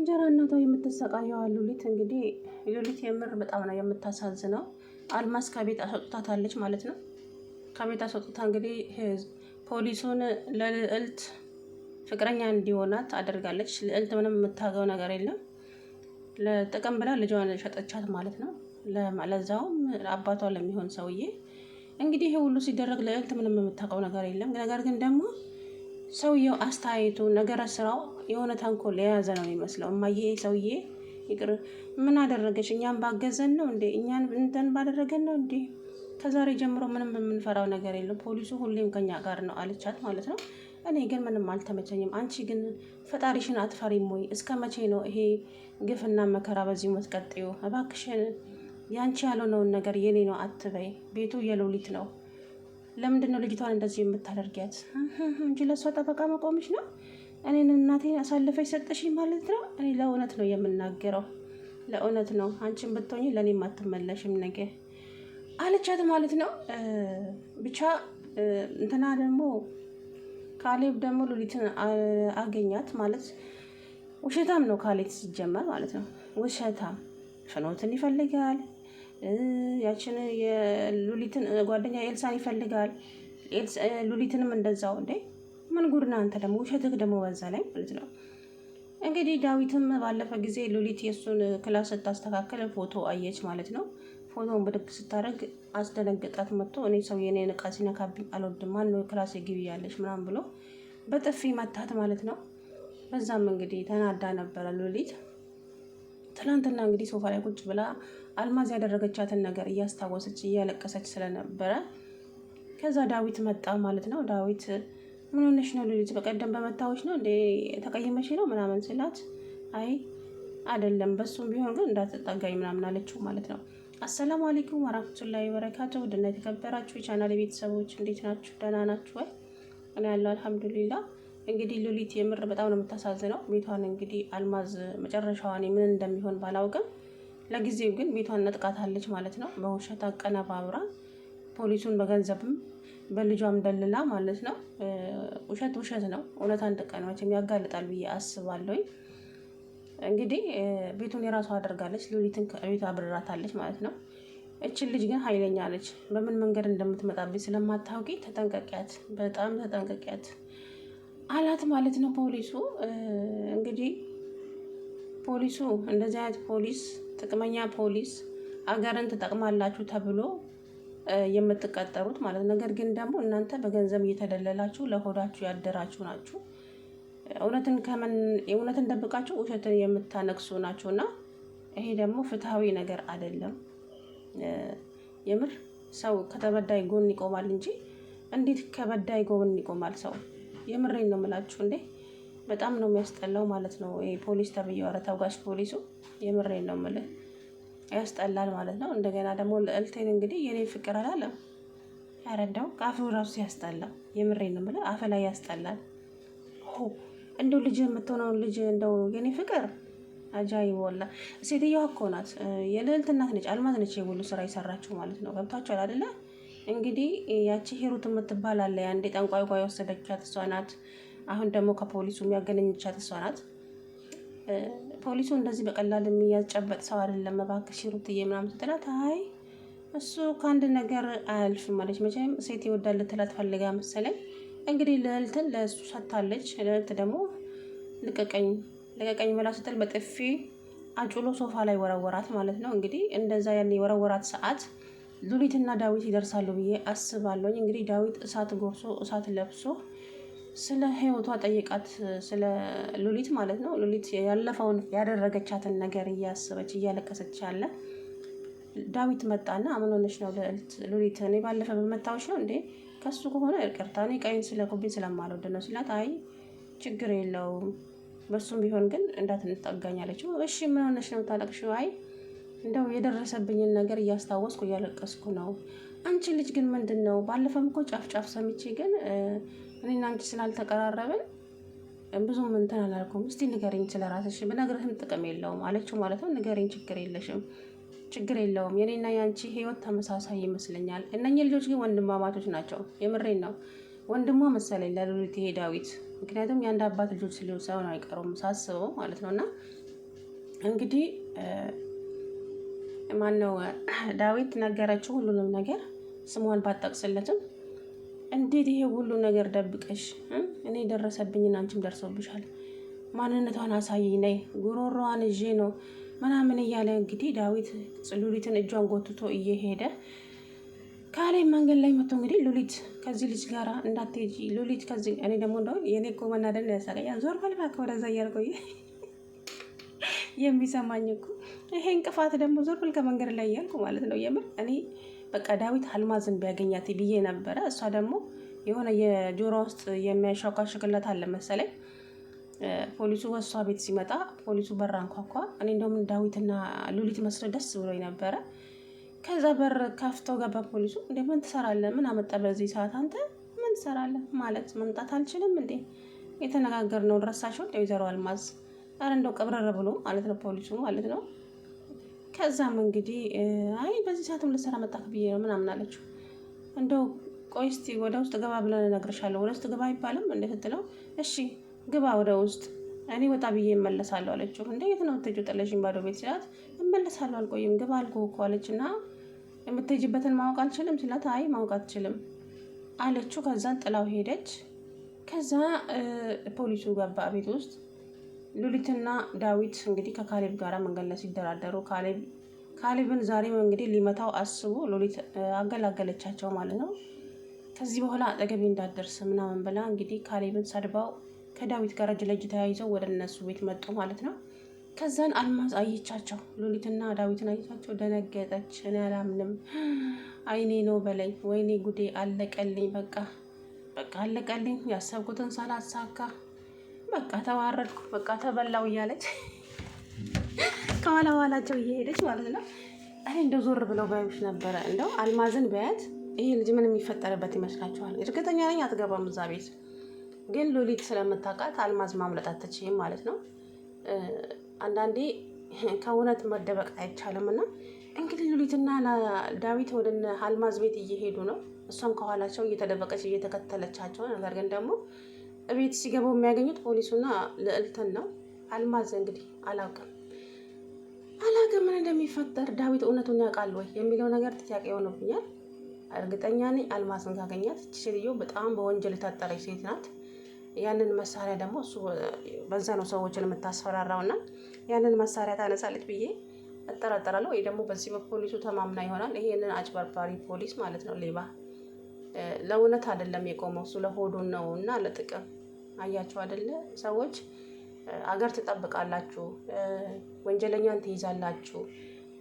እንጀራ እናቷ የምትሰቃየው ሉሊት እንግዲህ ሉሊት የምር በጣም ነው የምታሳዝነው። አልማዝ ከቤት አስወጥታታለች ማለት ነው። ከቤት አስወጥታ እንግዲህ ፖሊሱን ለልዕልት ፍቅረኛ እንዲሆናት አደርጋለች። ልዕልት ምንም የምታገው ነገር የለም። ለጥቅም ብላ ልጇን ሸጠቻት ማለት ነው። ለዛውም አባቷ ለሚሆን ሰውዬ እንግዲህ ይሄ ሁሉ ሲደረግ ልዕልት ምንም የምታውቀው ነገር የለም። ነገር ግን ደግሞ ሰውየው አስተያየቱ ነገረ ስራው የሆነ ተንኮል የያዘ ነው የሚመስለው። እማዬ ሰውዬ ይቅር ምን አደረገች? እኛን ባገዘን ነው እንዴ? እኛን እንትን ባደረገን ነው እንዴ? ከዛሬ ጀምሮ ምንም የምንፈራው ነገር የለም፣ ፖሊሱ ሁሌም ከኛ ጋር ነው አለቻት ማለት ነው። እኔ ግን ምንም አልተመቸኝም። አንቺ ግን ፈጣሪሽን አትፈሪም ወይ? እስከ መቼ ነው ይሄ ግፍና መከራ በዚህ ምትቀጥዩ? እባክሽን ያንቺ ያልሆነውን ነገር የኔ ነው አትበይ። ቤቱ የሎሊት ነው። ለምንድን ነው ልጅቷን እንደዚህ የምታደርጊያት? እንጂ ለእሷ ጠበቃ መቆምሽ ነው እኔን እናቴን አሳልፈሽ ሰጠሽኝ ማለት ነው። እኔ ለእውነት ነው የምናገረው፣ ለእውነት ነው። አንቺን ብትሆኝ ለእኔም አትመለሽም ነገ አለቻት ማለት ነው። ብቻ እንትና ደግሞ ካሌብ ደግሞ ሉሊትን አገኛት ማለት ውሸታም ነው ካሌት ሲጀመር ማለት ነው። ውሸታም ፍኖትን ይፈልጋል። ያችን የሉሊትን ጓደኛ ኤልሳን ይፈልጋል። ሉሊትንም እንደዛው እንዴ ምን ጉድ ነው አንተ ደግሞ ውሸትህ ደግሞ በዛ ላይ ማለት ነው። እንግዲህ ዳዊትም ባለፈ ጊዜ ሉሊት የእሱን ክላስ ስታስተካከል ፎቶ አየች ማለት ነው። ፎቶውን ብድግ ስታደርግ አስደነገጣት። መጥቶ እኔ ሰው የኔ ዕቃ ሲነካብኝ አልወድም፣ ማነው ክላሴ ግቢ ያለች ምናምን ብሎ በጥፊ መታት ማለት ነው። በዛም እንግዲህ ተናዳ ነበረ ሉሊት። ትናንትና እንግዲህ ሶፋ ላይ ቁጭ ብላ አልማዝ ያደረገቻትን ነገር እያስታወሰች እያለቀሰች ስለነበረ ከዛ ዳዊት መጣ ማለት ነው። ዳዊት ምን ሆነሽ ነው ልጅ በቀደም በመታዎች ነው እንደ ተቀይመሽ ነው ምናምን ስላት፣ አይ አይደለም በሱም ቢሆን ግን እንዳትጠጋኝ ምናምን አለችው ማለት ነው። አሰላሙ አለይኩም ወራህመቱላሂ ወበረካቱ ውድና የተከበራችሁ የቻናል ቤተሰቦች እንዴት ናችሁ? ደህና ናችሁ ወይ? እኔ ያለው አልሐምዱሊላ። እንግዲህ ሉሊት የምር በጣም ነው የምታሳዝነው። ቤቷን እንግዲህ አልማዝ መጨረሻዋን ምን እንደሚሆን ባላውቅም ለጊዜው ግን ቤቷን ነጥቃታለች ማለት ነው። በውሸት አቀነባብራ ፖሊሱን በገንዘብም በልጇም ደልላ ማለት ነው። ውሸት ውሸት ነው። እውነት አንድ ቀን መቼም ያጋልጣል ብዬ አስባለሁኝ። እንግዲህ ቤቱን የራሷ አድርጋለች ሉሊትን ከቤቷ አብርራታለች ማለት ነው። እችን ልጅ ግን ኃይለኛ ነች። በምን መንገድ እንደምትመጣብኝ ስለማታውቂ ተጠንቀቂያት፣ በጣም ተጠንቀቂያት አላት ማለት ነው። ፖሊሱ እንግዲህ ፖሊሱ እንደዚህ አይነት ፖሊስ ጥቅመኛ ፖሊስ አገርን ትጠቅማላችሁ ተብሎ የምትቀጠሩት ማለት ነው። ነገር ግን ደግሞ እናንተ በገንዘብ እየተደለላችሁ ለሆዳችሁ ያደራችሁ ናችሁ። እውነትን ከምን እውነትን ደብቃችሁ ውሸትን የምታነግሱ ናችሁ እና ይሄ ደግሞ ፍትሐዊ ነገር አይደለም። የምር ሰው ከተበዳይ ጎን ይቆማል እንጂ እንዴት ከበዳይ ጎን ይቆማል ሰው? የምሬን ነው የምላችሁ። እንዴ በጣም ነው የሚያስጠላው ማለት ነው። ፖሊስ ተብዬው፣ ኧረ ፖሊሱ፣ የምሬን ነው የምልህ ያስጠላል ማለት ነው። እንደገና ደግሞ ልዕልቴን እንግዲህ የኔ ፍቅር አላለም ያረዳው ከአፍ ራሱ ያስጠላል። የምሬን ነው የምልህ አፈ ላይ ያስጠላል። እንደው ልጅ የምትሆነው ልጅ እንደው የኔ ፍቅር አጃይ ወላ ሴትዮዋ እኮ ናት የልዕልት እናት ነች፣ አልማዝ ነች የሁሉ ስራ የሰራችው ማለት ነው። ገብታችኋል አይደለ? እንግዲህ ያቺ ሂሩት የምትባል አለ ያንዴ ጠንቋይ ጓ የወሰደቻት እሷ ናት። አሁን ደግሞ ከፖሊሱ የሚያገናኝቻት እሷ ናት። ፖሊሱ እንደዚህ በቀላል የሚያጨበጥ ሰው አይደለም፣ እባክሽ ሩትዬ ምናምን ስትላት አይ እሱ ከአንድ ነገር አያልፍም ማለች። መቼም ሴት ይወዳል ልትላት ፈልጋ መሰለኝ እንግዲህ ልዕልትን ለእሱ ሰጥታለች። ልዕልት ደግሞ ልቀቀኝ ልቀቀኝ ብላ ስትል በጥፊ አጩሎ ሶፋ ላይ ወረወራት ማለት ነው። እንግዲህ እንደዛ ያን የወረወራት ሰዓት ሉሊትና ዳዊት ይደርሳሉ ብዬ አስባለሁኝ። እንግዲህ ዳዊት እሳት ጎርሶ እሳት ለብሶ ስለ ህይወቷ ጠይቃት፣ ስለ ሉሊት ማለት ነው። ሉሊት ያለፈውን ያደረገቻትን ነገር እያሰበች እያለቀሰች ያለ ዳዊት መጣና ምን ሆነች ነው ሉሊት፣ እኔ ባለፈ በመታዎች ነው እንዴ? ከሱ ከሆነ ይቅርታ፣ እኔ ቀይን ስለ ኩብኝ ስለማልወድ ነው ሲላት፣ አይ ችግር የለውም በሱም ቢሆን ግን እንዳትንጠጋኝ አለችው። እሺ ምን ነው ታለቅሽ? አይ እንደው የደረሰብኝን ነገር እያስታወስኩ እያለቀስኩ ነው አንቺ ልጅ ግን ምንድን ነው? ባለፈም እኮ ጫፍ ጫፍ ሰምቼ ግን እኔና አንቺ ስላልተቀራረብን ብዙም እንትን አላልኩም። እስቲ ንገሪኝ ስለ ብነግርህም ጥቅም የለውም አለችው ማለት ነው። ንገሪኝ፣ ችግር የለሽም ችግር የለውም። የኔና የአንቺ ህይወት ተመሳሳይ ይመስለኛል። እነኚህ ልጆች ግን ወንድማማቾች ናቸው። የምሬን ነው። ወንድሟ መሰለኝ ለሉሊት ይሄ ዳዊት። ምክንያቱም የአንድ አባት ልጆች ሳይሆን አይቀሩም ሳስበው ማለት ነው እና እንግዲህ ማነው ዳዊት ነገረችው ሁሉንም ነገር ስሟን ባጠቅስለትም እንዴት ይሄ ሁሉ ነገር ደብቀሽ እኔ ደረሰብኝና አንቺም ደርሶብሻል ማንነቷን አሳይ ነይ ጉሮሮዋን ይዤ ነው ምናምን እያለ እንግዲህ ዳዊት ሉሊትን እጇን ጎትቶ እየሄደ ካሌ መንገድ ላይ መጥቶ እንግዲህ ሉሊት ከዚህ ልጅ ጋራ እንዳትሄጂ ሉሊት ከዚህ እኔ ደግሞ እንደው የኔ እኮ መናደድ ያሳቀያ ዞር በልባ ከወደዛ እያልቆየ የሚሰማኝ እኮ ይሄ እንቅፋት ደግሞ ዞር ዞርብል ከመንገድ ላይ እያልኩ ማለት ነው። የምር እኔ በቃ ዳዊት አልማዝን ቢያገኛት ብዬ ነበረ። እሷ ደግሞ የሆነ የጆሮ ውስጥ የሚያንሻኳሽክላት አለ መሰለኝ። ፖሊሱ ወሷ ቤት ሲመጣ ፖሊሱ በራ አንኳኳ። እኔ እንደውም ዳዊትና ሉሊት መስሎ ደስ ብሎኝ ነበረ። ከዛ በር ከፍተው ገባ ፖሊሱ። እንዴ ምን ትሰራለህ? ምን አመጣ በዚህ ሰዓት አንተ ምን ትሰራለህ? ማለት መምጣት አልችልም እንዴ የተነጋገርነውን ረሳሽው? ወይዘሮ አልማዝ አረ እንደው ቀብረረ ብሎ ማለት ነው ፖሊሱ ማለት ነው። ከዛም እንግዲህ አይ በዚህ ሰዓትም ልትሰራ መጣክ ብዬ ነው ምናምን አለችው። እንደው ቆይ ወደ ውስጥ ግባ ብለን እነግርሻለሁ። ወደ ውስጥ ግባ አይባልም እንደ ስትለው እሺ ግባ ወደ ውስጥ እኔ ወጣ ብዬ እመለሳለሁ አለችው። እንደ የት ነው የምትሄጂው ጥለሽኝ ባዶ ቤት ሲላት እመለሳለሁ አልቆይም ግባ አልኩህ እኮ አለች እና የምትሄጂበትን ማወቅ አልችልም ሲላት አይ ማወቅ አትችልም አለችው። ከዛን ጥላው ሄደች። ከዛ ፖሊሱ ገባ ቤት ውስጥ ሉሊትና ዳዊት እንግዲህ ከካሌብ ጋር መንገድ ላይ ሲደራደሩ ካሌብን ዛሬም እንግዲህ ሊመታው አስቦ ሉሊት አገላገለቻቸው ማለት ነው። ከዚህ በኋላ አጠገቤ እንዳደርስ ምናምን ብላ እንግዲህ ካሌብን ሰድባው ከዳዊት ጋር እጅ ለእጅ ተያይዘው ወደ እነሱ ቤት መጡ ማለት ነው። ከዛን አልማዝ አየቻቸው፣ ሉሊትና ዳዊትን አየቻቸው፣ ደነገጠች። እኔ አላምንም፣ አይኔ ነው በላይ ወይኔ ጉዴ አለቀልኝ፣ በቃ በቃ አለቀልኝ፣ ያሰብኩትን ሳላሳካ በቃ ተዋረድኩ፣ በቃ ተበላው እያለች ከኋላ ኋላቸው እየሄደች ማለት ነው። እኔ እንደው ዞር ብለው ባዮች ነበረ። እንደው አልማዝን በያት ይሄ ልጅ ምን የሚፈጠርበት ይመስላችኋል? እርግጠኛ ነኝ አትገባም እዛ ቤት። ግን ሎሊት ስለምታውቃት አልማዝ ማምለጥ አትችይም ማለት ነው። አንዳንዴ ከእውነት መደበቅ አይቻልም። እና እንግዲህ ሉሊትና ዳዊት ወደ አልማዝ ቤት እየሄዱ ነው። እሷም ከኋላቸው እየተደበቀች እየተከተለቻቸው ነገር ግን ደግሞ እቤት ሲገባው የሚያገኙት ፖሊሱና ልዕልትን ነው። አልማዝ እንግዲህ አላውቅም አላውቅም ምን እንደሚፈጠር ዳዊት እውነቱን ያውቃል ወይ የሚለው ነገር ጥያቄ ሆኖብኛል። እርግጠኛ ነኝ አልማዝን ካገኛት ይቺ ሴትዮ በጣም በወንጀል የታጠረች ሴት ናት። ያንን መሳሪያ ደግሞ እሱ በዛ ነው ሰዎችን የምታስፈራራው እና ያንን መሳሪያ ታነሳለች ብዬ እጠራጠራለሁ። ወይ ደግሞ በዚህ በፖሊሱ ተማምና ይሆናል። ይሄንን አጭበርባሪ ፖሊስ ማለት ነው ሌባ ለእውነት አይደለም የቆመው እሱ ለሆዱን ነው እና ለጥቅም አያቸው አይደለ? ሰዎች አገር ትጠብቃላችሁ፣ ወንጀለኛን ትይዛላችሁ፣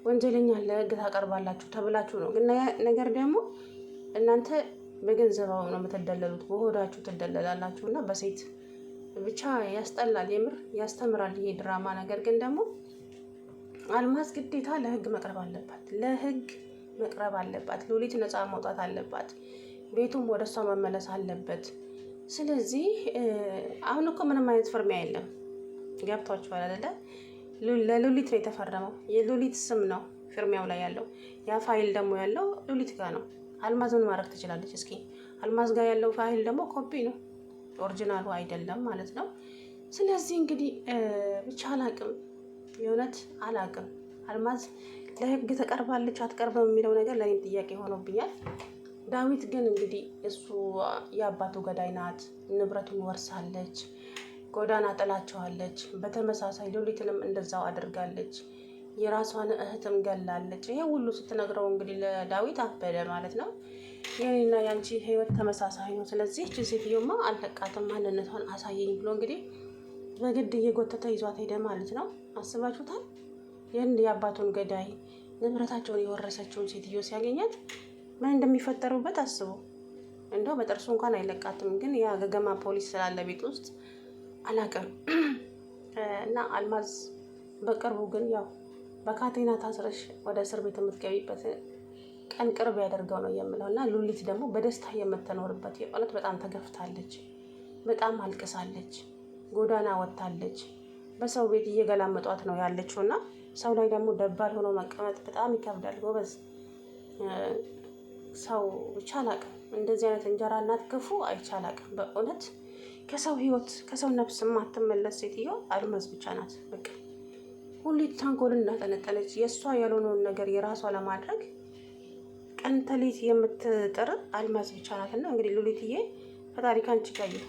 ወንጀለኛን ለህግ ታቀርባላችሁ ተብላችሁ ነው። ግን ነገር ደግሞ እናንተ በገንዘብ ነው የምትደለሉት፣ በሆዳችሁ ትደለላላችሁ። እና በሴት ብቻ ያስጠላል፣ የምር ያስተምራል ይሄ ድራማ። ነገር ግን ደግሞ አልማዝ ግዴታ ለህግ መቅረብ አለባት፣ ለህግ መቅረብ አለባት። ሉሊት ነፃ መውጣት አለባት። ቤቱም ወደ እሷ መመለስ አለበት። ስለዚህ አሁን እኮ ምንም አይነት ፍርሚያ የለም። ገብቷችኋል አይደለ? ለሉሊት ነው የተፈረመው። የሉሊት ስም ነው ፍርሚያው ላይ ያለው። ያ ፋይል ደግሞ ያለው ሉሊት ጋር ነው። አልማዝ ምን ማድረግ ትችላለች? እስኪ አልማዝ ጋር ያለው ፋይል ደግሞ ኮፒ ነው፣ ኦሪጂናሉ አይደለም ማለት ነው። ስለዚህ እንግዲህ ብቻ አላቅም፣ የእውነት አላቅም። አልማዝ ለህግ ተቀርባለች አትቀርበም የሚለው ነገር ለእኔም ጥያቄ ሆኖብኛል። ዳዊት ግን እንግዲህ እሱ የአባቱ ገዳይ ናት፣ ንብረቱን ወርሳለች፣ ጎዳና ጥላቸዋለች። በተመሳሳይ ሉሊትንም እንደዛው አድርጋለች። የራሷን እህትም ገላለች። ይሄ ሁሉ ስትነግረው እንግዲህ ለዳዊት አበደ ማለት ነው። የኔና የአንቺ ህይወት ተመሳሳይ ነው። ስለዚህ እቺ ሴትዮማ አለቃትም፣ ማንነቷን አሳየኝ ብሎ እንግዲህ በግድ እየጎተተ ይዟት ሄደ ማለት ነው። አስባችሁታል? ይህን የአባቱን ገዳይ ንብረታቸውን የወረሰችውን ሴትዮ ሲያገኛት ምን እንደሚፈጠሩበት አስቡ። እንደው በጥርሱ እንኳን አይለቃትም። ግን ያ ገገማ ፖሊስ ስላለ ቤት ውስጥ አላቅም እና አልማዝ በቅርቡ ግን ያው በካቴና ታስረሽ ወደ እስር ቤት የምትገቢበት ቀን ቅርብ ያደርገው ነው የምለው እና ሉሊት ደግሞ በደስታ የምትኖርበት የእውነት በጣም ተገፍታለች፣ በጣም አልቅሳለች፣ ጎዳና ወጥታለች። በሰው ቤት እየገላመጧት ነው ያለችው እና ሰው ላይ ደግሞ ደባል ሆኖ መቀመጥ በጣም ይከብዳል ጎበዝ። ሰው ብቻ አላቅም። እንደዚህ አይነት እንጀራ እናት ክፉ አይቻላቅም። በእውነት ከሰው ህይወት ከሰው ነፍስ ማትመለስ ሴትዮ አልማዝ ብቻ ናት። በቃ ሁሌ ተንኮልን እናጠነጠነች የእሷ ያልሆነውን ነገር የራሷ ለማድረግ ቀን ተሌት የምትጥር አልማዝ ብቻ ናት። እና እንግዲህ ሉሊትዬ ፈጣሪ ካንቺ ጋር ይሁን።